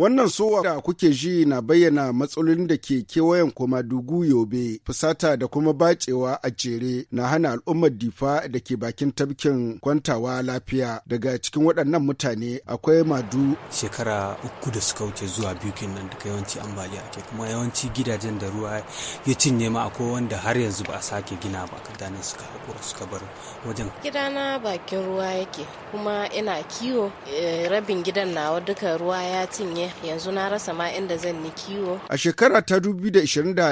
Wannan sowa da kuke ji na bayyana matsalolin da ke kewayen kuma dugu yobe fusata da kuma bacewa a jere na hana al'ummar difa da ke bakin tabkin kwantawa lafiya daga cikin waɗannan mutane akwai madu. Shekara uku da suka wuce zuwa biyu kenan duka yawanci ambaliya ake kuma yawanci gidajen da ruwa ya cinye ma akwai wanda har yanzu ba a sake gina ba ka kadanin suka haƙura suka bar wajen. Gidana bakin ruwa yake kuma ina kiwo eh, rabin gidan nawa duka ruwa ya cinye yanzu na rasa ma inda zan ni kiwo. A shekara ta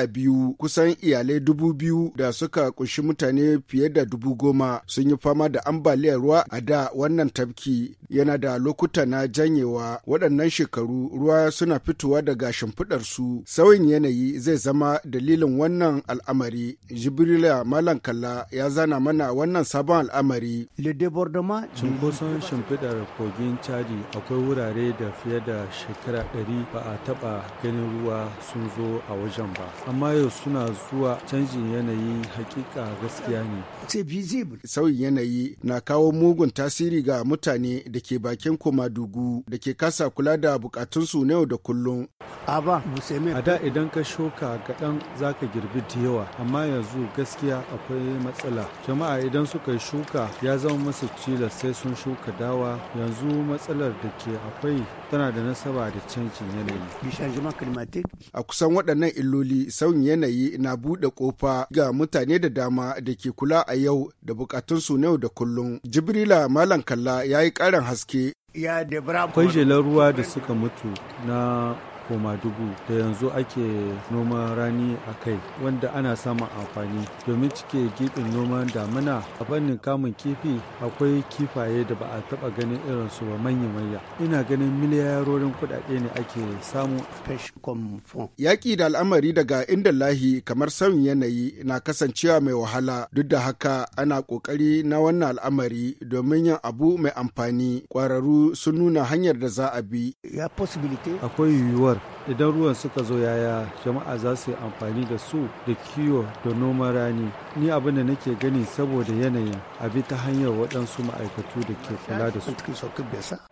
biyu kusan iyalai dubu biyu da suka kunshi mutane fiye da dubu goma sun yi fama da ambaliyar ruwa a da wannan tafki yana da lokuta na janyewa waɗannan shekaru ruwa suna fitowa daga su sauyin yanayi zai zama dalilin wannan al'amari jibrila malam kalla ya zana mana wannan sabon al'amari cunkoson shimfiɗar kogin caji akwai wurare da fiye da shekaru shekara ɗari ba a taɓa ganin ruwa sun zo a wajen ba amma yau suna zuwa canjin yanayi hakika gaskiya ne sauyin yanayi na kawo mugun tasiri ga mutane da ke bakin koma da ke kasa kula da bukatunsu na yau da kullum a ba a da idan ka shuka kaɗan za ka girbi da yawa amma yanzu gaskiya akwai matsala jama'a idan suka yi shuka ya zama masu cila sai sun shuka dawa yanzu matsalar da ke akwai tana da nasaba da canjin yanayi a kusan waɗannan illoli sauyin yanayi na buɗe ƙofa ga mutane da dama da ke kula a yau da bukatunsu na yau da kullum jibrila malam kalla ya yi ƙarin haske akwai jelar ruwa da suka mutu na koma dubu da yanzu ake noman rani a kai wanda ana samun amfani domin cike gibin noman damina a fannin kamun kifi akwai kifaye da ba a taba ganin irin su ba manya manya ina ganin miliyarorin kuɗaɗe ne ake samu yaƙi da al'amari daga inda lahi kamar sauyin yanayi na kasancewa mai wahala duk da haka ana ƙoƙari na wannan al'amari domin yin abu mai amfani ƙwararru sun nuna hanyar da za a bi akwai yiwuwar idan ruwan suka zo yaya jama'a za su yi amfani da su da kiwo da noman rani ni abin da nake gani saboda yanayin abi ta hanyar waɗansu ma'aikatu da ke kula da su